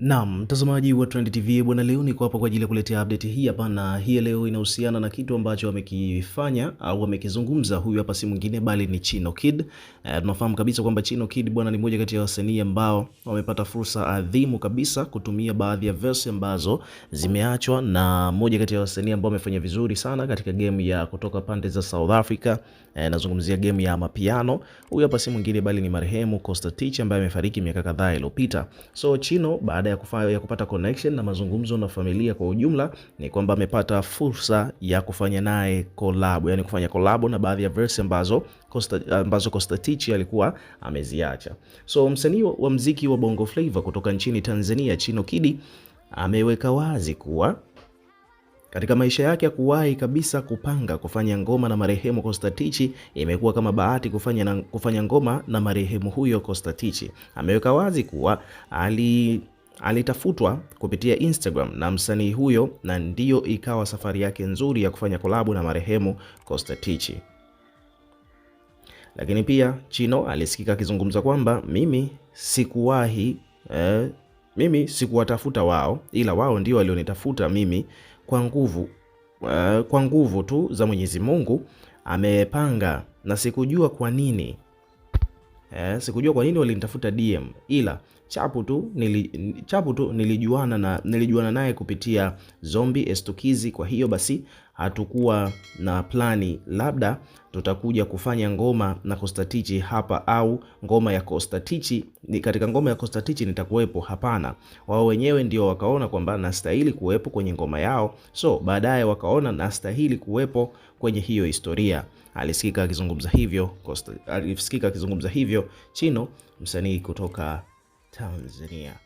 Naam, mtazamaji wa Trend TV bwana, leo niko hapa kwa ajili ya kuletea update hii hapa, na hii leo inahusiana na kitu ambacho amekifanya au wamekizungumza huyu hapa, si mwingine bali ni Chino Kid. Eh, tunafahamu e, kabisa kwamba Chino Kid bwana ni mmoja kati ya wasanii ambao wamepata fursa adhimu kabisa kutumia baadhi ya verse ambazo zimeachwa na mmoja kati ya wasanii ambao wamefanya vizuri sana katika game ya kutoka pande za South Africa E, nazungumzia game ya mapiano Huyu hapa si mwingine bali ni marehemu Costa Teach ambaye amefariki miaka kadhaa iliyopita. So Chino baada ya, kufa, ya kupata connection na mazungumzo na familia kwa ujumla ni kwamba amepata fursa ya kufanya naye collab, yani kufanya collab na baadhi ya verse ambazo Costa, ambazo Costa Teach alikuwa ameziacha. So msanii wa mziki wa Bongo Flava kutoka nchini Tanzania Chino Kidi ameweka wazi kuwa katika maisha yake ya kuwahi kabisa kupanga kufanya ngoma na marehemu Kostatichi, imekuwa kama bahati kufanya, na, kufanya ngoma na marehemu huyo Kostatichi. Ameweka wazi kuwa ali alitafutwa kupitia Instagram na msanii huyo na ndiyo ikawa safari yake nzuri ya kufanya kolabu na marehemu Kostatichi. Lakini pia Chino alisikika akizungumza kwamba mimi sikuwahi eh, mimi sikuwatafuta wao ila wao ndio walionitafuta mimi kwa nguvu, eh, kwa nguvu tu za Mwenyezi Mungu amepanga, na sikujua kwa nini eh, sikujua kwa nini walinitafuta DM, ila Chapu tu nili, chapu tu nilijuana na nilijuana naye kupitia Zombi Estukizi. Kwa hiyo basi hatukuwa na plani, labda tutakuja kufanya ngoma na Kostatichi hapa au ngoma ya Kostatichi ni katika ngoma ya Kostatichi nitakuwepo? Hapana, wao wenyewe ndio wakaona kwamba nastahili kuwepo kwenye ngoma yao, so baadaye wakaona nastahili kuwepo kwenye hiyo historia. Alisikika akizungumza hivyo alisikika akizungumza hivyo Chino, msanii kutoka Tanzania